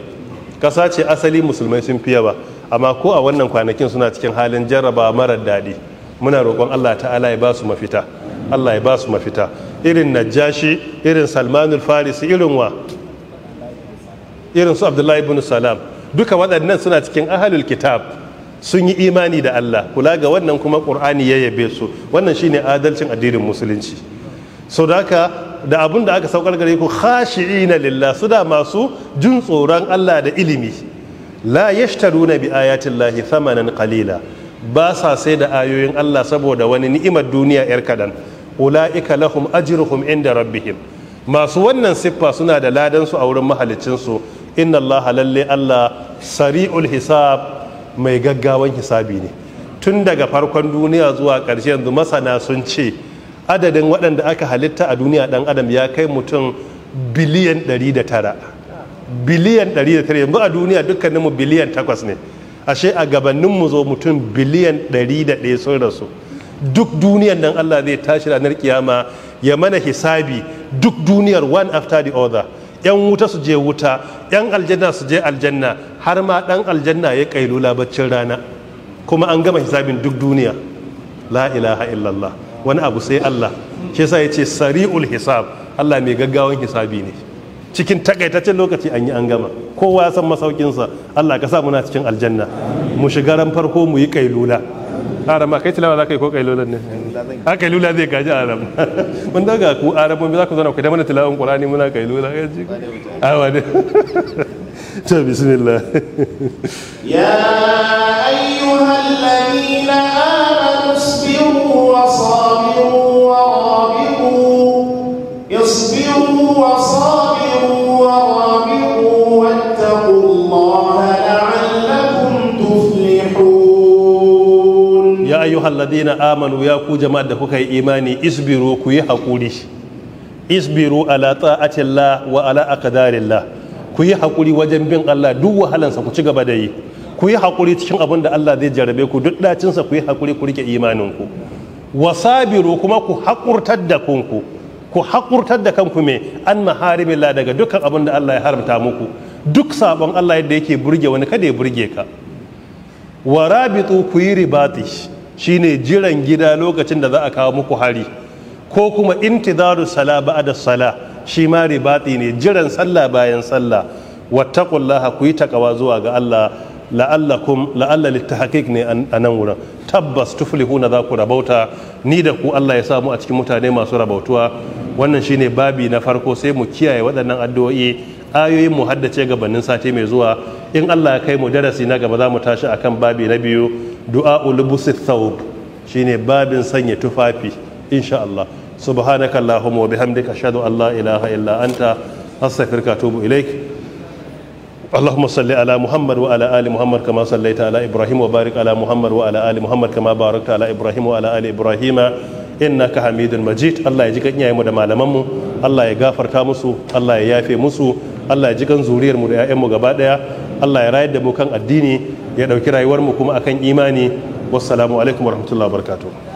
kasa ce asali musulmai sun fiye ba amma ko a wannan kwanakin suna cikin halin jarraba marar daɗi muna roƙon Allah ta'ala ya ba su mafita Allah ya ba su mafita irin najashi irin salmanul farisi irin wa irin su abdullahi ibn salam duka waɗannan suna cikin ahalul kitab sun yi imani da Allah kula ga wannan kuma ƙur'ani ya yabe su wannan shine adalcin addinin musulunci so da haka da da aka saukar gare ku khashi'ina lillah su da masu jin tsoron Allah da ilimi la yashtaruna bi ayatin lahi thamanan qalila ba sa sai da ayoyin Allah saboda wani ni'imar duniya yar kadan ulaika lahum ajruhum inda rabbihim masu wannan siffa suna da ladan su a wurin mahalicin su inna Allah lalle Allah sari'ul hisab mai gaggawan hisabi ne tun daga farkon duniya zuwa ƙarshe yanzu masana sun ce adadin waɗanda aka halitta a duniya ɗan adam ya kai mutum biliyan 109 biliyan 109 yanzu a duniya dukkaninmu biliyan 8 ne ashe a mu zo mutum biliyan 101 sun rasu duk duniyan nan Allah zai tashi ranar kiyama ya mana hisabi duk duniyar one after the other yan wuta su je wuta yan aljanna su je aljanna har ma dan aljanna ya lula baccin rana kuma an gama hisabin duk duniya la ilaha illallah wani abu sai Allah shi yasa yace sari'ul hisab Allah mai gaggawan hisabi ne cikin takaitaccen lokaci an yi an gama kowa ya san masaukinsa Allah ka sa muna cikin aljanna mu shiga ran farko mu yi kailula arama kai tilawa za ka yi ko kailulan ne a lula zai gaji arama mun daga ku aramomi za ku zana ku da mana tilawan qur'ani muna lula ya ji awa ah, ne ta bismillah ya ayyuhal ladina ladina amanu ya ku jama'a da kuka yi imani isbiru ku yi haƙuri isbiru ala ta'atillah wa ala aqdarillah ku yi haƙuri wajen bin Allah duk wahalansa ku ci gaba da yi ku yi haƙuri cikin abin da Allah zai jarabe ku duk sa ku yi haƙuri ku rike ku wasabiru kuma ku haƙurtar da kanku ku haƙurtar da kanku me an maharimillah daga dukkan abin da Allah ya haramta muku duk sabon Allah yadda yake burge wani kada ya burge ka wa rabitu ku yi ribatish shine jiran gida lokacin da za a kawo muku hari ko kuma intizaru sala da sala shi ma ribati ne jiran sallah bayan sallah wattaqullaha ku yi takawa zuwa ga Allah la'allakum la'alla ne a nan wurin tabbas tuflihuna za ku rabauta ni da ku Allah ya samu a cikin mutane masu rabautuwa wannan shine babi na farko sai mu kiyaye waɗannan addu'o'i ayoyin mu haddace gabanin sati mai zuwa in Allah ya kai mu darasi na gaba za mu tashi akan babi na biyu du'a ulubusi thawb shine babin sanya tufafi insha Allah subhanaka allahumma wa bihamdika ashhadu an la ilaha illa anta astaghfiruka wa atubu ilaik اللهم صل على محمد وعلى ال محمد كما صليت على ابراهيم وبارك على محمد وعلى ال محمد كما باركت على ابراهيم وعلى ال ابراهيم hamidun majid Allah ya ji kan iyayenmu gafarta musu Allah yafe musu Allah ya ji kan zuriyarmu da 'ya'yanmu gaba ya rayar da addini ya ɗauki rayuwarmu kuma akan imani wassalamu alaikum warahmatullahi wabarakatuh